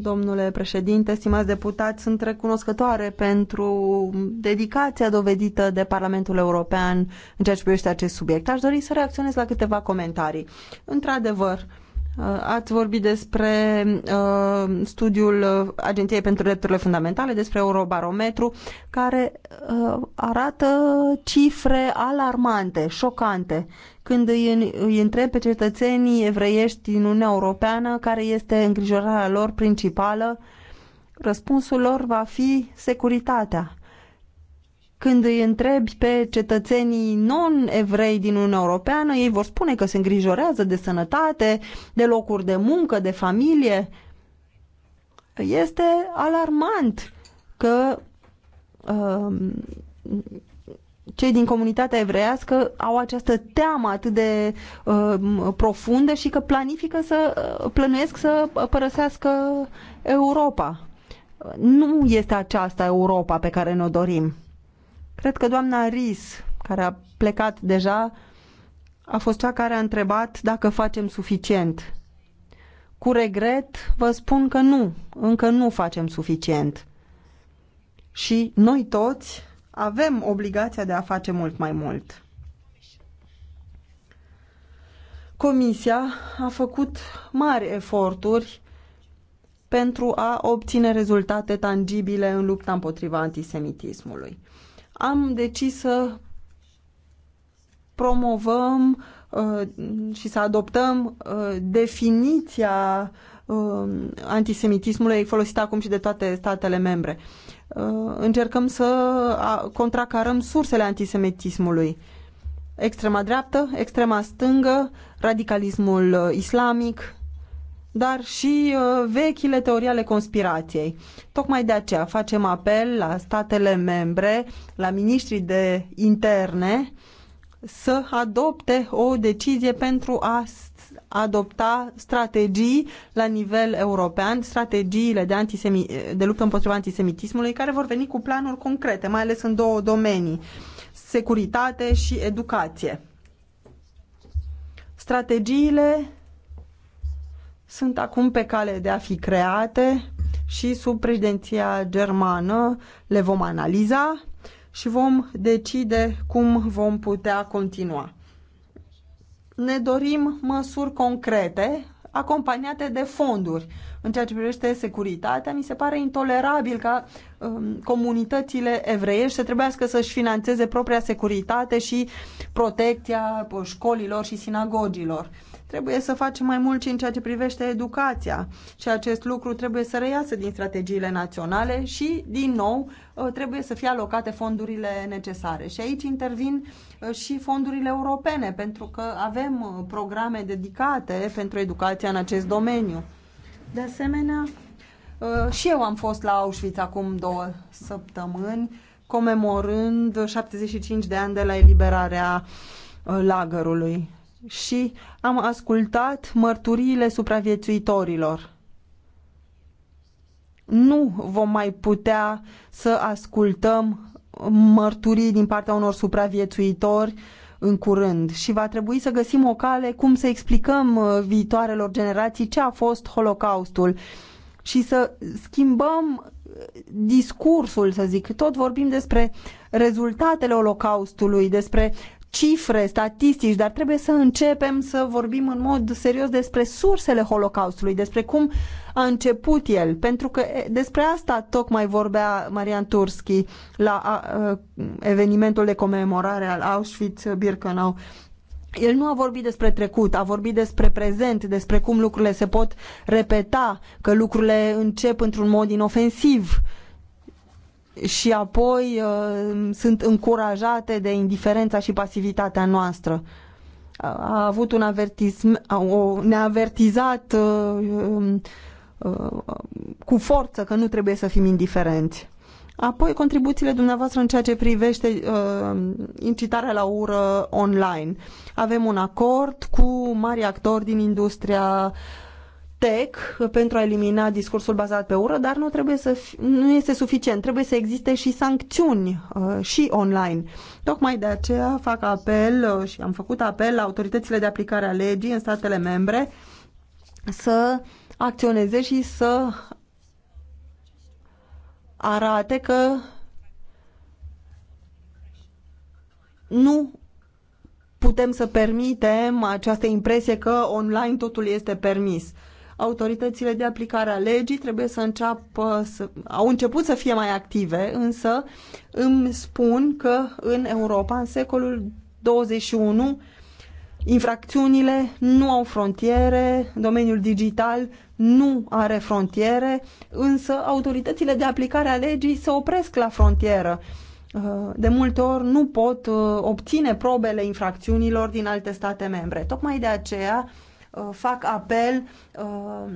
Domnule președinte, stimați deputați, sunt recunoscătoare pentru dedicația dovedită de Parlamentul European în ceea ce privește acest subiect. Aș dori să reacționez la câteva comentarii. Într-adevăr, Uh, ați vorbit despre uh, studiul uh, Agenției pentru Drepturile Fundamentale, despre Eurobarometru, care uh, arată cifre alarmante, șocante. Când îi, îi întreb pe cetățenii evreiești din Uniunea Europeană care este îngrijorarea lor principală, răspunsul lor va fi securitatea. Când îi întrebi pe cetățenii non-evrei din Uniunea Europeană, ei vor spune că se îngrijorează de sănătate, de locuri de muncă, de familie. Este alarmant că uh, cei din comunitatea evreiască au această teamă atât de uh, profundă și că planifică să uh, plănuiesc să părăsească Europa. Nu este aceasta Europa pe care ne-o dorim. Cred că doamna Ris, care a plecat deja, a fost cea care a întrebat dacă facem suficient. Cu regret vă spun că nu, încă nu facem suficient. Și noi toți avem obligația de a face mult mai mult. Comisia a făcut mari eforturi pentru a obține rezultate tangibile în lupta împotriva antisemitismului am decis să promovăm uh, și să adoptăm uh, definiția uh, antisemitismului folosită acum și de toate statele membre. Uh, încercăm să contracarăm sursele antisemitismului. Extrema dreaptă, extrema stângă, radicalismul uh, islamic, dar și uh, vechile teorii ale conspirației. Tocmai de aceea facem apel la statele membre, la ministrii de interne, să adopte o decizie pentru a adopta strategii la nivel european, strategiile de, de luptă împotriva antisemitismului, care vor veni cu planuri concrete, mai ales în două domenii, securitate și educație. Strategiile sunt acum pe cale de a fi create și sub președinția germană le vom analiza și vom decide cum vom putea continua. Ne dorim măsuri concrete acompaniate de fonduri. În ceea ce privește securitatea, mi se pare intolerabil ca um, comunitățile evreiești să trebuiască să-și financeze propria securitate și protecția școlilor și sinagogilor. Trebuie să facem mai mult și în ceea ce privește educația și acest lucru trebuie să reiasă din strategiile naționale și, din nou, uh, trebuie să fie alocate fondurile necesare. Și aici intervin uh, și fondurile europene, pentru că avem uh, programe dedicate pentru educația în acest domeniu. De asemenea, și eu am fost la Auschwitz acum două săptămâni, comemorând 75 de ani de la eliberarea lagărului și am ascultat mărturiile supraviețuitorilor. Nu vom mai putea să ascultăm mărturii din partea unor supraviețuitori în curând și va trebui să găsim o cale cum să explicăm uh, viitoarelor generații ce a fost Holocaustul și să schimbăm uh, discursul, să zic. Tot vorbim despre rezultatele Holocaustului, despre cifre, statistici, dar trebuie să începem să vorbim în mod serios despre sursele Holocaustului, despre cum a început el, pentru că despre asta tocmai vorbea Marian Turski la a, a, evenimentul de comemorare al Auschwitz-Birkenau. El nu a vorbit despre trecut, a vorbit despre prezent, despre cum lucrurile se pot repeta, că lucrurile încep într-un mod inofensiv, uh, și apoi uh, sunt încurajate de indiferența și pasivitatea noastră. A avut un avertism, ne-a avertizat uh, um, uh, cu forță că nu trebuie să fim indiferenți. Apoi contribuțiile dumneavoastră în ceea ce privește uh, incitarea la ură online. Avem un acord cu mari actori din industria uh, tech pentru a elimina discursul bazat pe ură, dar nu, trebuie să fi, nu este suficient. Trebuie să existe și sancțiuni uh, și online. Tocmai de aceea fac apel uh, și am făcut apel la autoritățile de aplicare a legii în statele membre să acționeze și să arate că nu putem să permitem această impresie că online totul este permis. Uh, autoritățile de aplicare a legii trebuie să înceapă, să, au început să fie mai active, însă îmi spun că în Europa, în secolul 21, infracțiunile nu au frontiere, domeniul digital nu are frontiere, însă autoritățile de aplicare a legii se opresc la frontieră. Uh, de multe ori nu pot uh, obține probele infracțiunilor din alte state membre. Tocmai de aceea Uh, fac apel uh, uh,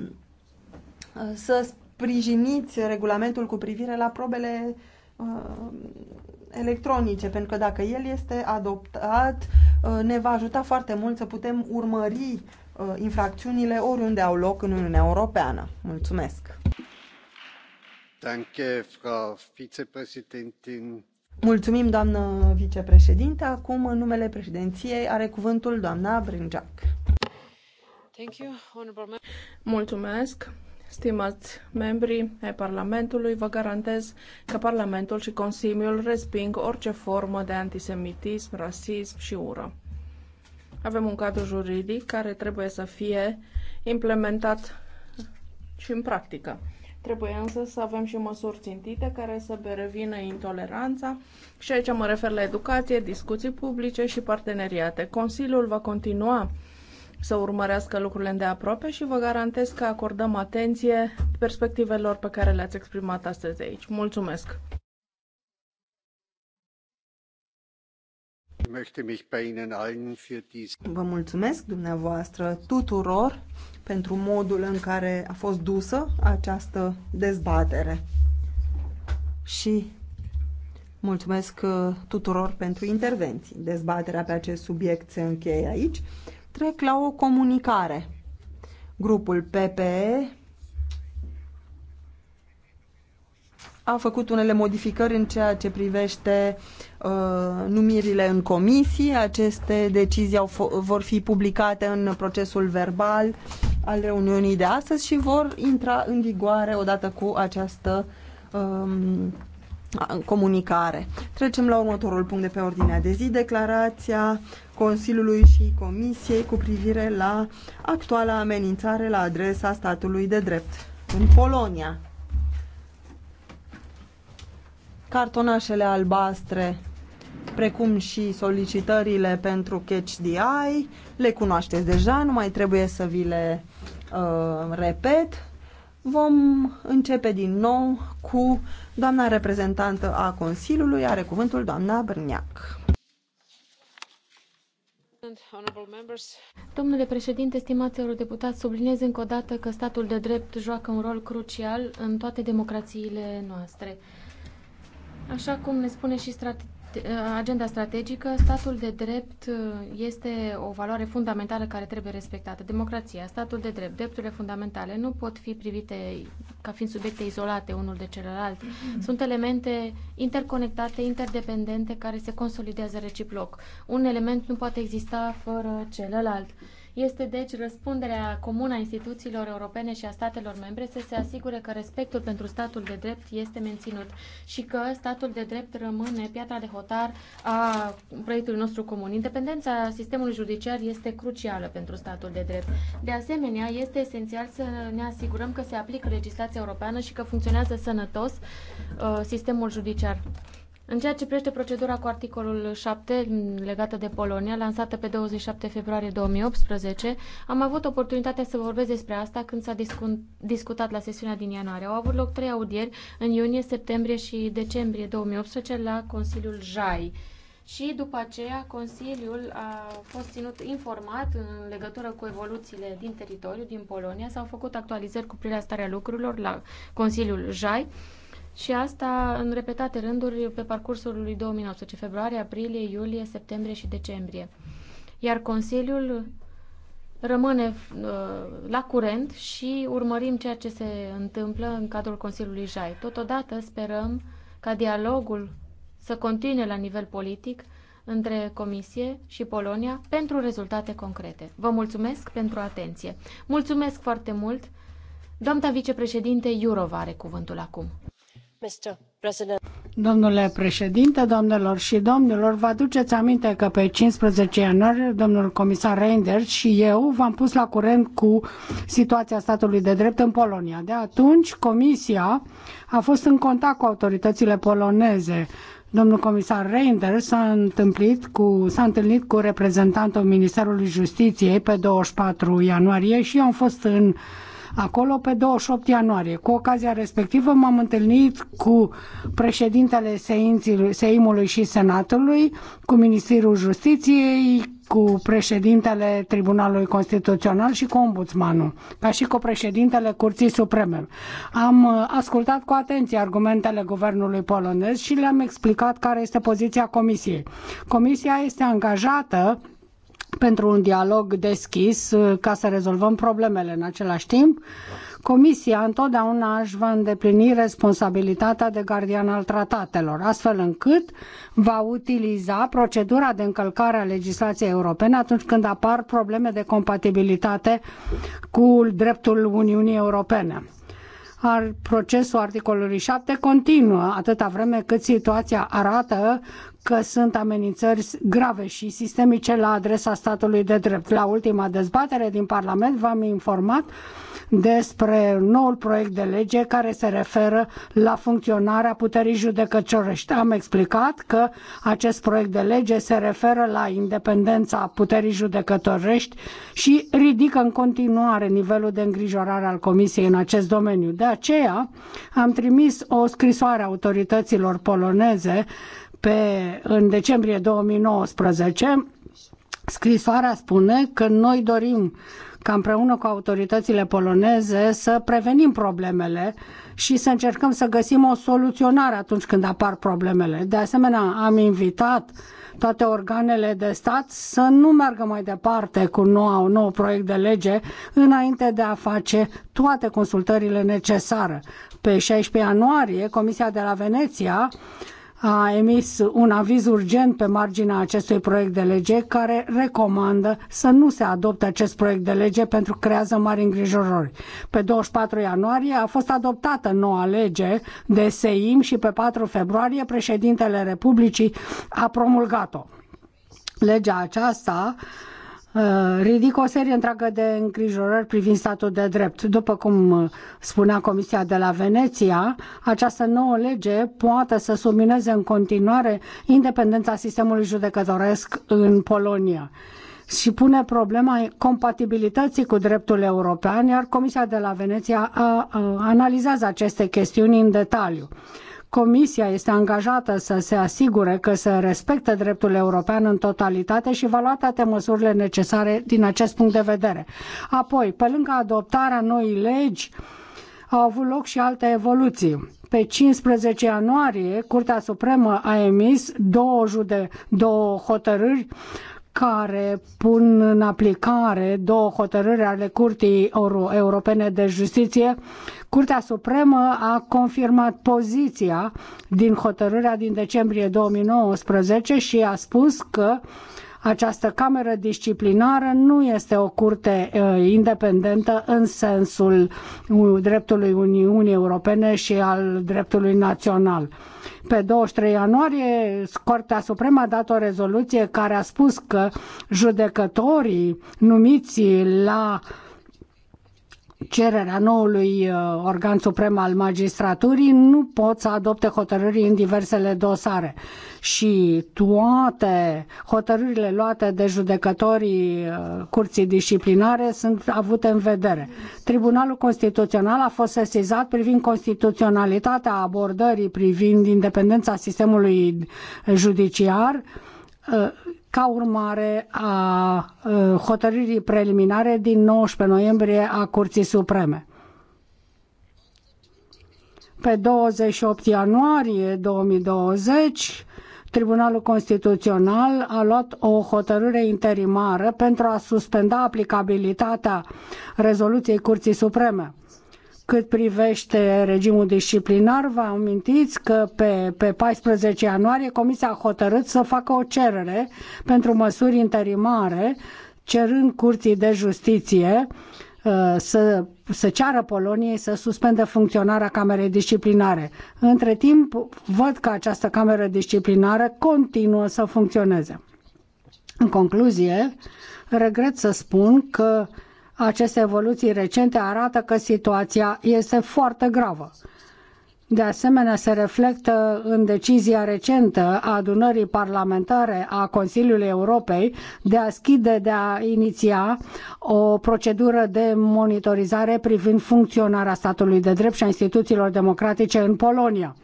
să sprijiniți regulamentul cu privire la probele electronice, pentru că dacă el este adoptat, ne va ajuta foarte mult să putem urmări infracțiunile oriunde au loc în Uniunea Europeană. Mulțumesc! Mulțumim, doamnă vicepreședinte. Acum, în numele președinției, are cuvântul doamna Brinjac. Mulțumesc, stimați membri ai Parlamentului. Vă garantez că Parlamentul și Consiliul resping orice formă de antisemitism, rasism și ură. Avem un cadru juridic care trebuie să fie implementat și în practică. Trebuie însă să avem și măsuri țintite care să revină intoleranța și aici mă refer la educație, discuții publice și parteneriate. Consiliul va continua să urmărească lucrurile îndeaproape și vă garantez că acordăm atenție perspectivelor pe care le-ați exprimat astăzi aici. Mulțumesc! Vă mulțumesc dumneavoastră tuturor pentru modul în care a fost dusă această dezbatere. Și mulțumesc uh, tuturor pentru intervenții. Dezbaterea pe acest subiect se încheie aici trec la o comunicare. Grupul PPE a făcut unele modificări în ceea ce privește uh, numirile în comisii. Aceste decizii au vor fi publicate în procesul verbal al reuniunii de astăzi și vor intra în vigoare odată cu această um, comunicare. Trecem la următorul punct de pe ordinea de zi, declarația Consiliului și Comisiei cu privire la actuala amenințare la adresa statului de drept în Polonia. Cartonașele albastre, precum și solicitările pentru Catch the Eye, le cunoașteți deja, nu mai trebuie să vi le uh, repet. Vom începe din nou cu doamna reprezentantă a Consiliului, are cuvântul doamna Brniac. Domnule președinte, stimați eurodeputați, subliniez încă o dată că statul de drept joacă un rol crucial în toate democrațiile noastre. Așa cum ne spune și strate agenda strategică, statul de drept uh, este o valoare fundamentală care trebuie respectată. Democrația, statul de drept, drepturile fundamentale nu pot fi privite ca fiind subiecte izolate unul de celălalt. Mhm. Sunt elemente interconectate, interdependente, care se consolidează reciproc. Un element nu poate exista fără celălalt. Este deci răspunderea comună a instituțiilor europene și a statelor membre să se asigure că respectul pentru statul de drept este menținut și că statul de drept rămâne piatra de hotar a proiectului nostru comun. Independența sistemului judiciar este crucială pentru statul de drept. De asemenea, este esențial să ne asigurăm că se aplică legislația europeană și că funcționează sănătos uh, sistemul judiciar. În ceea ce privește procedura cu articolul 7 legată de Polonia, lansată pe 27 februarie 2018, am avut oportunitatea să vorbesc despre asta când s-a discutat la sesiunea din ianuarie. Au avut loc trei audieri în iunie, septembrie și decembrie 2018 la Consiliul JAI. Și după aceea Consiliul a fost ținut informat în legătură cu evoluțiile din teritoriu, din Polonia. S-au făcut actualizări cu privire la starea lucrurilor la Consiliul JAI. Și asta în repetate rânduri pe parcursul lui 2019, februarie, aprilie, iulie, septembrie și decembrie. Iar Consiliul rămâne uh, la curent și urmărim ceea ce se întâmplă în cadrul Consiliului JAI. Totodată sperăm ca dialogul să continue la nivel politic între Comisie și Polonia pentru rezultate concrete. Vă mulțumesc pentru atenție. Mulțumesc foarte mult. Doamna vicepreședinte Iurova are cuvântul acum. Domnule președinte, doamnelor și domnilor, vă aduceți aminte că pe 15 ianuarie domnul comisar Reinders și eu v-am pus la curent cu situația statului de drept în Polonia. De atunci, comisia a fost în contact cu autoritățile poloneze. Domnul comisar Reinders s-a întâlnit cu, s-a întâlnit cu reprezentantul Ministerului Justiției pe 24 ianuarie și eu am fost în acolo pe 28 ianuarie. Cu ocazia respectivă m-am întâlnit cu președintele Seimului și Senatului, cu Ministerul Justiției, cu președintele Tribunalului Constituțional și cu ombudsmanul, ca și cu președintele Curții Supreme. Am uh, ascultat cu atenție argumentele guvernului polonez și le-am explicat care este poziția Comisiei. Comisia este angajată pentru un dialog deschis uh, ca să rezolvăm problemele în același timp. Comisia întotdeauna își va îndeplini responsabilitatea de gardian al tratatelor, astfel încât va utiliza procedura de încălcare a legislației europene atunci când apar probleme de compatibilitate cu dreptul Uniunii Europene ar, procesul articolului 7 continuă atâta vreme cât situația arată că sunt amenințări grave și sistemice la adresa statului de drept. La ultima dezbatere din Parlament v-am informat despre noul proiect de lege care se referă la funcționarea puterii judecătorești. Am explicat că acest proiect de lege se referă la independența puterii judecătorești și ridică în continuare nivelul de îngrijorare al Comisiei în acest domeniu. De aceea am trimis o scrisoare autorităților poloneze pe, în decembrie 2019, scrisoarea spune că noi dorim ca împreună cu autoritățile poloneze să prevenim problemele și să încercăm să găsim o soluționare atunci când apar problemele. De asemenea, am invitat toate organele de stat să nu meargă mai departe cu noua, un nou proiect de lege înainte de a face toate consultările necesare. Pe 16 ianuarie, Comisia de la Veneția a emis un aviz urgent pe marginea acestui proiect de lege care recomandă să nu se adopte acest proiect de lege pentru că creează mari îngrijorări. Pe 24 ianuarie a fost adoptată noua lege de SEIM și pe 4 februarie președintele Republicii a promulgat-o. Legea aceasta uh, Uh, ridică o serie întreagă de îngrijorări privind statul de drept. După cum uh, spunea Comisia de la Veneția, această nouă lege poate să submineze în continuare independența sistemului judecătoresc în Polonia și pune problema compatibilității cu dreptul european, iar Comisia de la Veneția uh, analizează aceste chestiuni în detaliu. Comisia este angajată să se asigure că se respectă dreptul european în totalitate și va lua toate măsurile necesare din acest punct de vedere. Apoi, pe lângă adoptarea noii legi, au avut loc și alte evoluții. Pe 15 ianuarie, Curtea Supremă a emis două, jude, două hotărâri care pun în aplicare două hotărâri ale Curții Europene de Justiție Curtea Supremă a confirmat poziția din hotărârea din decembrie 2019 și a spus că această cameră disciplinară nu este o curte independentă în sensul dreptului Uniunii Europene și al dreptului național. Pe 23 ianuarie, curtea Supremă a dat o rezoluție care a spus că judecătorii numiți la uh, cererea noului uh, organ suprem al magistraturii nu pot să adopte hotărâri în diversele dosare și toate hotărârile luate de judecătorii uh, curții disciplinare sunt avute în vedere. Tribunalul Constituțional a fost sesizat privind constituționalitatea abordării privind independența sistemului judiciar uh, ca urmare a hotărârii preliminare din 19 noiembrie a Curții Supreme. Pe 28 ianuarie 2020, Tribunalul Constituțional a luat o hotărâre interimară pentru a suspenda aplicabilitatea rezoluției Curții Supreme cât privește regimul disciplinar, vă amintiți că pe, pe 14 ianuarie Comisia a hotărât să facă o cerere pentru măsuri interimare, cerând Curții de Justiție uh, să, să ceară Poloniei să suspende funcționarea Camerei Disciplinare. Între timp, văd că această Cameră Disciplinară continuă să funcționeze. În concluzie, regret să spun că aceste evoluții recente arată că situația este foarte gravă. De asemenea, se reflectă în decizia recentă a adunării parlamentare a Consiliului Europei de a schide, de a iniția o procedură de monitorizare privind funcționarea statului de drept și a instituțiilor democratice în Polonia.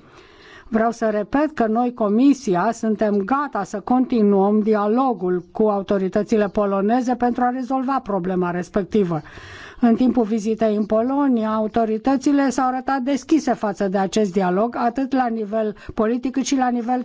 Vreau să repet că noi, Comisia, suntem gata să continuăm dialogul cu autoritățile poloneze pentru a rezolva problema respectivă. În timpul vizitei în Polonia, autoritățile s-au arătat deschise față de acest dialog, atât la nivel politic cât și la nivel